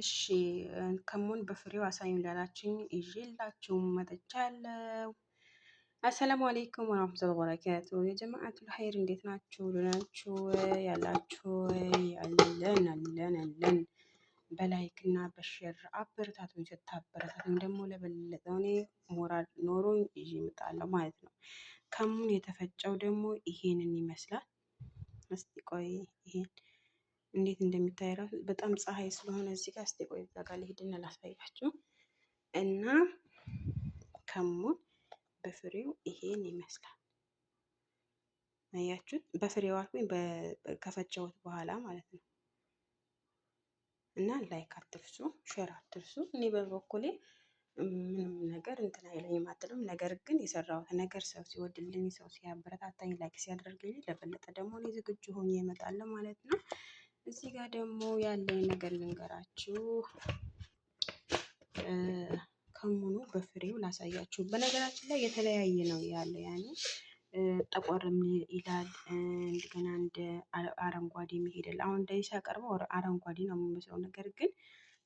እሺ ከሙን በፍሬው አሳዩን ላላችሁኝ ይዤላችሁ መጥቻለሁ። አሰላሙ አለይኩም ወራህመቱላሂ ወበረካቱ። የጀማዓቱል ኸይር እንዴት ናችሁ? ልናችሁ ያላችሁ ያለን አለን አለን። በላይክ እና በሼር አበረታቱ። ስታበረታቱኝ ደግሞ ለበለጠ እኔ ሞራል ኖሮኝ ይዤ እመጣለሁ ማለት ነው። ከሙን የተፈጨው ደግሞ ይሄንን ይመስላል። እስቲ ቆይ ይሄን እንዴት እንደሚታይ ራሱ በጣም ፀሐይ ስለሆነ እዚህ ጋር እስቲ ቆይ እዛ ጋር ልሄድና ላሳያችሁ እና ከሙን በፍሬው ይሄን ይመስላል። አያችሁት? በፍሬው አልኩኝ ከፈጨሁት በኋላ ማለት ነው። እና ላይክ አትርሱ፣ ሼር አትርሱ። እኔ በበኩሌ ምንም ነገር እንትን አይለኝም አትልም። ነገር ግን የሰራሁት ነገር ሰው ሲወድልኝ፣ ሰው ሲያበረታታኝ፣ ላይክ ሲያደርግልኝ ለበለጠ ደግሞ እኔ ዝግጁ ሆኜ እመጣለሁ ማለት ነው። እዚህ ጋር ደግሞ ያለኝ ነገር ልንገራችሁ። ከሙኑ በፍሬው ላሳያችሁ። በነገራችን ላይ የተለያየ ነው ያለ ያኔ ጠቆርም ይላል እንደገና እንደ አረንጓዴ የሚሄዳል። አሁን እንደዚህ ሲያቀርበው አረንጓዴ ነው የሚመስለው፣ ነገር ግን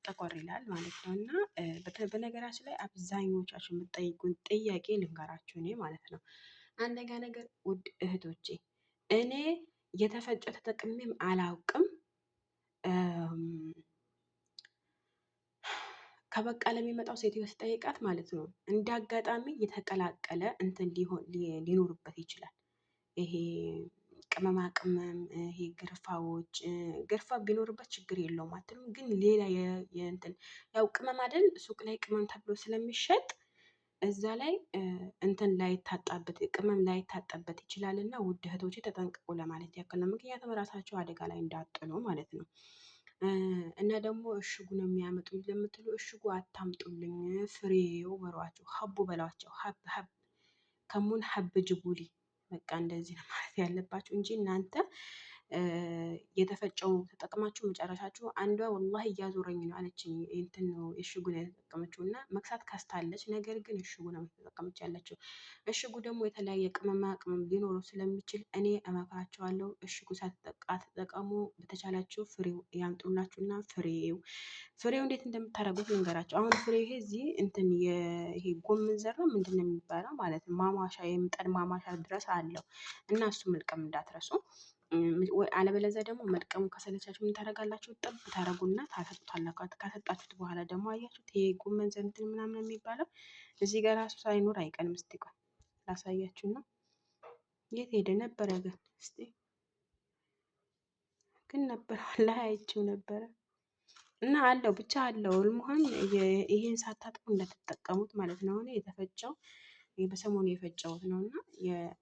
ጠቆር ይላል ማለት ነው። እና በነገራችን ላይ አብዛኞቻችሁ የምትጠይቁን ጥያቄ ልንገራችሁ እኔ ማለት ነው። አንደኛ ነገር ውድ እህቶቼ እኔ የተፈጨ ተጠቅሜም አላውቅም ከበቃለ የሚመጣው ሴትዮ ስጠይቃት ማለት ነው እንደ አጋጣሚ የተቀላቀለ እንትን ሊኖርበት ይችላል። ይሄ ቅመማ ቅመም ይሄ ግርፋዎች ግርፋ ቢኖርበት ችግር የለውም አትልም። ግን ሌላ የእንትን ያው ቅመም አይደል ሱቅ ላይ ቅመም ተብሎ ስለሚሸጥ እዛ ላይ እንትን ላይታጣበት ቅመም ላይታጣበት ይችላል እና ውድ እህቶቼ ተጠንቀቁ ለማለት ያክል ነው። ምክንያቱም ራሳቸው አደጋ ላይ እንዳጥሉ ማለት ነው። እና ደግሞ እሽጉ ነው የሚያመጡ ለምትሉ እሽጉ አታምጡልኝ፣ ፍሬው በሯቸው ሀቡ በሏቸው፣ ሀብ ሀብ ከሙን ሀብ ጅቡሊ በቃ እንደዚህ ነው ማለት ያለባቸው እንጂ እናንተ የተፈጨው ተጠቅማችሁ መጨረሻችሁ አንዷ ወላሂ እያዞረኝ ነው አለችኝ። እንትን ነው እሽጉን የተጠቀመችው እና መክሳት ካስታለች። ነገር ግን እሽጉ ነው የተጠቀመች ያለችው። እሽጉ ደግሞ የተለያየ ቅመማ ቅመም ሊኖረው ስለሚችል እኔ እመክራቸዋለሁ እሽጉ ሳትጠቀሙ በተቻላችሁ ፍሬው እና ፍሬው ፍሬው እንዴት እንደምታደርጉት ልንገራቸው። አሁን ፍሬው ይሄ እዚህ እንትን ይሄ ጎመን ዘር ምንድን ነው የሚባለው ማለት ነው ማሟሻ የምጣድ ማሟሻ ድረስ አለው እና እሱ መልቀም እንዳትረሱ አለበለዚያ ደግሞ መድቀሙ ከሰለቻችሁ ምን ታደርጋላችሁ? ጥብ ታደርጉና ታሰጡታላችሁ። ካሰጣችሁት በኋላ ደግሞ አያችሁት ይሄ ጎመን ዘንትን ምናምን የሚባለው እዚህ ጋር ራሱ ሳይኖር አይቀርም። እስቲ ቆይ ነው። የት ሄደ ነበረ ግን እስቲ ግን ነበር ላይ አይቼው ነበረ እና አለው ብቻ አለው ልሙሀን ይህን ሳታጥቡ እንደተጠቀሙት ማለት ነው። አሁን የተፈጨው በሰሞኑ የፈጨሁት ነው እና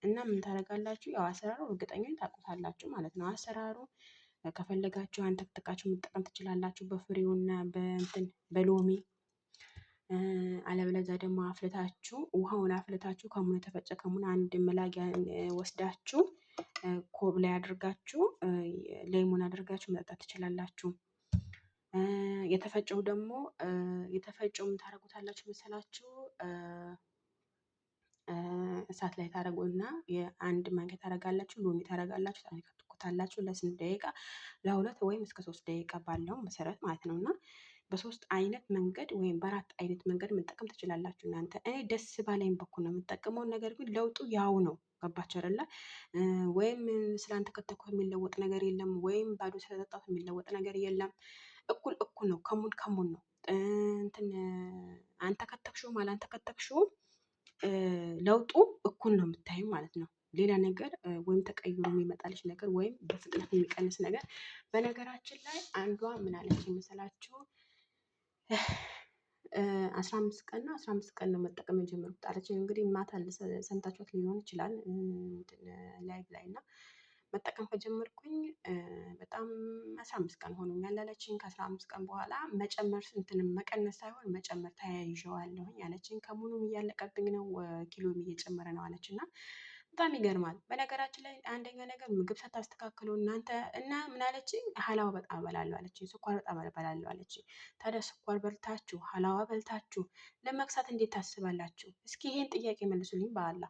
እና ምን ታደርጋላችሁ? ያው አሰራሩ እርግጠኛ ታውቁታላችሁ ማለት ነው። አሰራሩ ከፈለጋችሁ አንተክትካችሁ መጠቀም ትችላላችሁ፣ በፍሬውና በእንትን በሎሚ አለበለዚያ ደግሞ አፍልታችሁ ውሃውን አፍልታችሁ ከሙን የተፈጨ ከሙን አንድ መላጊያ ወስዳችሁ ኮብ ላይ አድርጋችሁ ሌሙን አድርጋችሁ መጠጣት ትችላላችሁ። የተፈጨው ደግሞ የተፈጨው ምን ታደርጉታላችሁ መሰላችሁ? እሳት ላይ ታደርጉና የአንድ ማንኪያ ታደርጋላችሁ ሎሚ ታደርጋላችሁ ታንከትኩታላችሁ ለስንት ደቂቃ ለሁለት ወይም እስከ ሶስት ደቂቃ ባለው መሰረት ማለት ነው እና በሶስት አይነት መንገድ ወይም በአራት አይነት መንገድ መጠቀም ትችላላችሁ። እናንተ እኔ ደስ ባለኝ በኩል ነው የምጠቀመው። ነገር ግን ለውጡ ያው ነው። ገባቸው አይደለ? ወይም ስላንተከተኩት የሚለወጥ ነገር የለም፣ ወይም ባዶ ስለጠጣሁት የሚለወጥ ነገር የለም። እኩል እኩል ነው። ከሙን ከሙን ነው እንትን አላንተ ከተክሽውም ለውጡ እኩል ነው የምታዩ ማለት ነው። ሌላ ነገር ወይም ተቀይሮ የሚመጣልሽ ነገር ወይም በፍጥነት የሚቀንስ ነገር። በነገራችን ላይ አንዷ ምን አለች የመሰላችሁ አስራ አምስት ቀን ነው አስራ አምስት ቀን ነው መጠቀም የጀመርኩት አለች። እንግዲህ ማታ ሰምታችኋት ሊሆን ይችላል ላይቭ ላይ እና መጠቀም ከጀመርኩኝ በጣም አስራ አምስት ቀን ሆኖኛል አለችኝ። ከአስራ አምስት ቀን በኋላ መጨመር እንትንም መቀነስ ሳይሆን መጨመር ተያይዤዋለሁኝ አለችኝ። ከሙኑም እያለቀብኝ ነው ኪሎም እየጨመረ ነው አለች። እና በጣም ይገርማል። በነገራችን ላይ አንደኛ ነገር ምግብ ሳታስተካክሉ እናንተ እና ምን አለችኝ ሀላዋ በጣም እበላለሁ አለችኝ። ስኳር በጣም እበላለሁ አለችኝ። ታዲያ ስኳር በልታችሁ ሀላዋ በልታችሁ ለመክሳት እንዴት ታስባላችሁ? እስኪ ይሄን ጥያቄ መልሱልኝ በአላ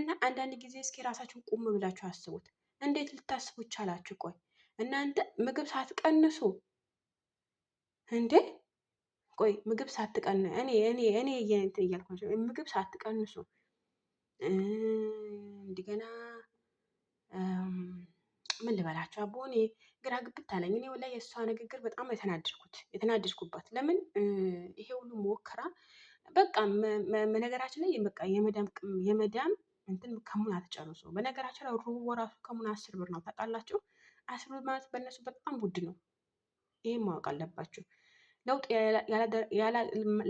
እና አንዳንድ ጊዜ እስኪ ራሳችሁን ቁም ብላችሁ አስቡት። እንዴት ልታስቡ ቻላችሁ? ቆይ እናንተ ምግብ ሳትቀንሱ እንዴ? ቆይ ምግብ ሳትቀን እኔ እኔ እኔ እንትን እያልኩ ምግብ ሳትቀንሱ እንደገና ምን ልበላቸው አቦ እኔ ግራ ግብት አለኝ። እኔ ላይ የእሷ ንግግር በጣም የተናደድኩት የተናደድኩባት ለምን ይሄ ሁሉ ሞከራ በቃ መነገራችን ላይ በቃ የመዳም እንትን ከሙን አትጨርሱ። በነገራችን ላይ ሩቡ ራሱ ከሙን አስር ብር ነው ታውቃላችሁ። አስር ብር ማለት በእነሱ በጣም ውድ ነው። ይህም ማወቅ አለባችሁ። ለውጥ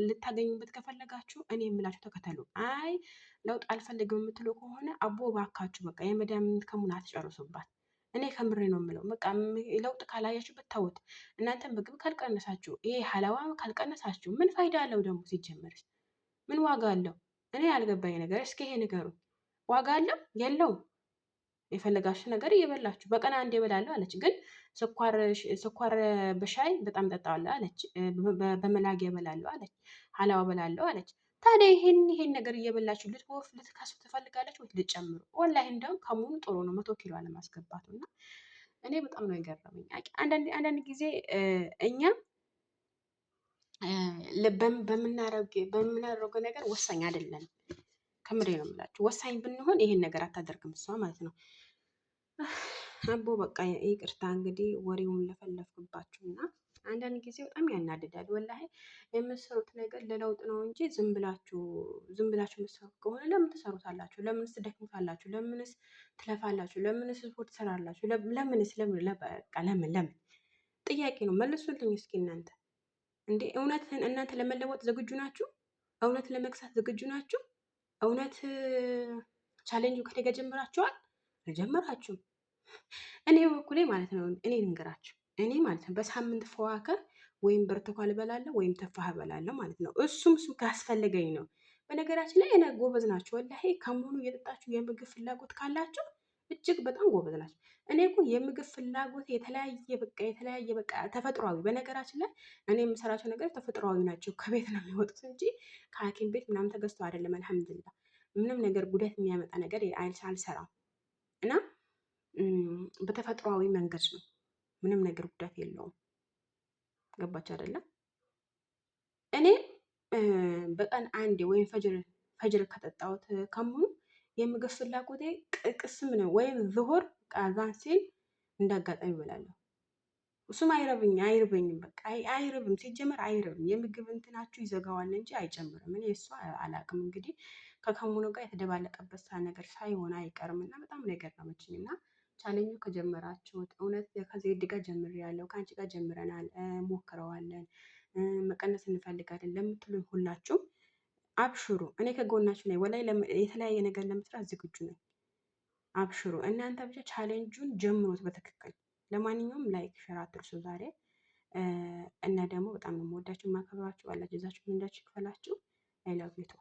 ልታገኙበት ከፈለጋችሁ እኔ የምላችሁ ተከተሉ። አይ ለውጥ አልፈልግም የምትሉ ከሆነ አቦ ባካችሁ በቃ የመዳምን ከሙን አትጨርሱባት። እኔ ከምሬ ነው የምለው። በቃ ለውጥ ካላያችሁበት ተውት። እናንተም ምግብ ካልቀነሳችሁ፣ ይሄ ሀላዋ ካልቀነሳችሁ ምን ፋይዳ አለው ደግሞ ሲጀመርስ? ምን ዋጋ አለው? እኔ ያልገባኝ ነገር እስኪ ይሄ ንገሩኝ። ዋጋ አለው የለውም። የፈለጋችሁ ነገር እየበላችሁ በቀን አንድ እበላለሁ አለች። ግን ስኳር በሻይ በጣም ጠጣዋለሁ አለች። በመላግ እበላለሁ አለች። ሀላዋ እበላለሁ አለች። ታዲያ ይሄን ይሄን ነገር እየበላችሁ ልትወፍ ልትከሱ ትፈልጋለች ወይ ልትጨምሩ? ወላሂ እንደውም ከሙኑ ጥሩ ነው መቶ ኪሎ አለማስገባቱ እና እኔ በጣም ነው የገረመኝ። አንዳንድ ጊዜ እኛ በምናደርገው ነገር ወሳኝ አይደለም። ከምሬ ነው የምላችሁ። ወሳኝ ብንሆን ይሄን ነገር አታደርግም እሷ ማለት ነው። አቦ በቃ ይቅርታ እንግዲህ ወሬውን ለፈለፍኩባችሁ እና አንዳንድ ጊዜ በጣም ያናድዳል። ወላሂ የምትሰሩት ነገር ለለውጥ ነው እንጂ ዝም ብላችሁ ዝም ብላችሁ የምትሰሩት ከሆነ ለምን ትሰሩታላችሁ? ለምንስ ትደክሙታላችሁ? ለምንስ ትለፋላችሁ? ለምንስ ስፖርት ትሰራላችሁ? ለምንስ ለምን በቃ ለምን ለምን ጥያቄ ነው። መልሱልኝ እስኪ እናንተ እንዴ! እውነትን እናንተ ለመለወጥ ዝግጁ ናችሁ? እውነት ለመግሳት ዝግጁ ናችሁ? እውነት ቻሌንጁ ከደገ ጀምራችኋል? አልጀመራችሁም? እኔ በኩሌ ማለት ነው። እኔ ልንገራችሁ፣ እኔ ማለት ነው በሳምንት ፈዋከር ወይም ብርቱካን እበላለሁ ወይም ተፋህ እበላለሁ ማለት ነው። እሱም እሱ ካስፈለገኝ ነው። በነገራችን ላይ እነ ጎበዝ ናቸው ወላሄ ከመሆኑ እየጠጣችሁ የምግብ ፍላጎት ካላችሁ እጅግ በጣም ጎበዝ ናቸው። እኔ እኮ የምግብ ፍላጎት የተለያየ በቃ የተለያየ በቃ ተፈጥሯዊ፣ በነገራችን ላይ እኔ የምሰራቸው ነገሮች ተፈጥሯዊ ናቸው። ከቤት ነው የሚወጡት እንጂ ከሐኪም ቤት ምናምን ተገዝቶ አይደለም። አልሐምዱሊላ ምንም ነገር ጉዳት የሚያመጣ ነገር አልሰራም እና በተፈጥሯዊ መንገድ ነው። ምንም ነገር ጉዳት የለውም። ገባች አይደለም? እኔ በቀን አንዴ ወይም ፈጅር ፈጅር ከጠጣሁት ከሙሉ የምግብ ፍላጎቴ ቅስም ነው ወይም ዝሁር ቃዛን ሲል እንዳጋጣሚ እበላለሁ። እሱም አይረብኝ አይርበኝም በቃ አይርብም ሲጀመር አይርብም የምግብ እንትናችሁ ይዘጋዋል እንጂ አይጨምርም። እኔ እሱ አላቅም እንግዲህ ከከሙኑ ጋር የተደባለቀበት ሳ ነገር ሳይሆን አይቀርም እና በጣም ነው የገረመችኝ። እና ቻሌንጁ ከጀመራችሁት እውነት ከዜድ ጋር ጀምሬያለሁ ከአንቺ ጋር ጀምረናል ሞክረዋለን፣ መቀነስ እንፈልጋለን ለምትሉ ሁላችሁም አብሽሩ እኔ ከጎናችሁ ነኝ። ወላይ የተለያየ ነገር ለመስራት ዝግጁ ነኝ። አብሽሩ እናንተ ብቻ ቻሌንጁን ጀምሮት በትክክል ለማንኛውም ላይክ ሸር አትርሱ ዛሬ እና ደግሞ በጣም ነው የምወዳችሁ የማከብራችሁ። ባላችሁ ይዛችሁ ምንዳችሁ ይክፈላችሁ። አይላቪቱ